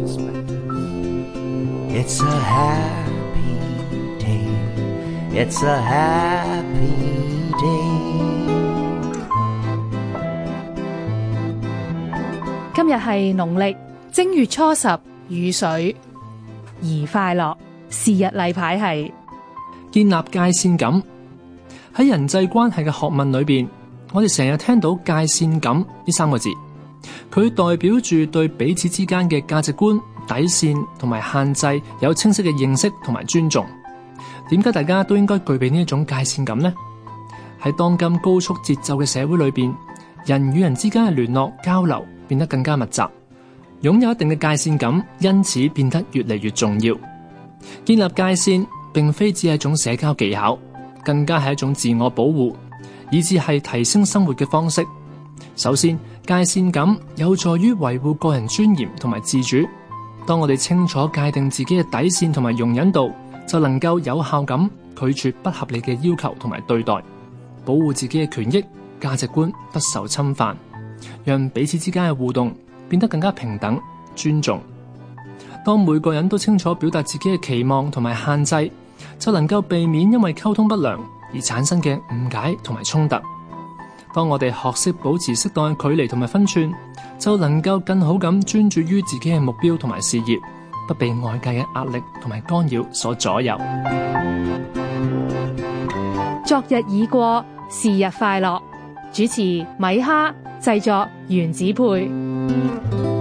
It's a happy day, it's a happy day 今日係農曆正月初十，雨水，宜快樂。是日例牌係建立界線感。喺人際關係嘅學問裏邊，我哋成日聽到“界線感”呢三個字。佢代表住對彼此之間嘅價值觀、底線同埋限制有清晰嘅認識同埋尊重。點解大家都應該具備呢一種界線感呢？喺當今高速節奏嘅社會裏邊，人與人之間嘅聯絡交流變得更加密集，擁有一定嘅界線感，因此變得越嚟越重要。建立界線，並非只係一種社交技巧，更加係一種自我保護，以至係提升生活嘅方式。首先，界線感有助於維護個人尊嚴同埋自主。當我哋清楚界定自己嘅底線同埋容忍度，就能夠有效咁拒絕不合理嘅要求同埋對待，保護自己嘅權益、價值觀不受侵犯，讓彼此之間嘅互動變得更加平等、尊重。當每個人都清楚表達自己嘅期望同埋限制，就能夠避免因為溝通不良而產生嘅誤解同埋衝突。當我哋學識保持適當距離同埋分寸，就能夠更好咁專注於自己嘅目標同埋事業，不被外界嘅壓力同埋干擾所左右。昨日已過，是日快樂。主持米哈，製作原子配。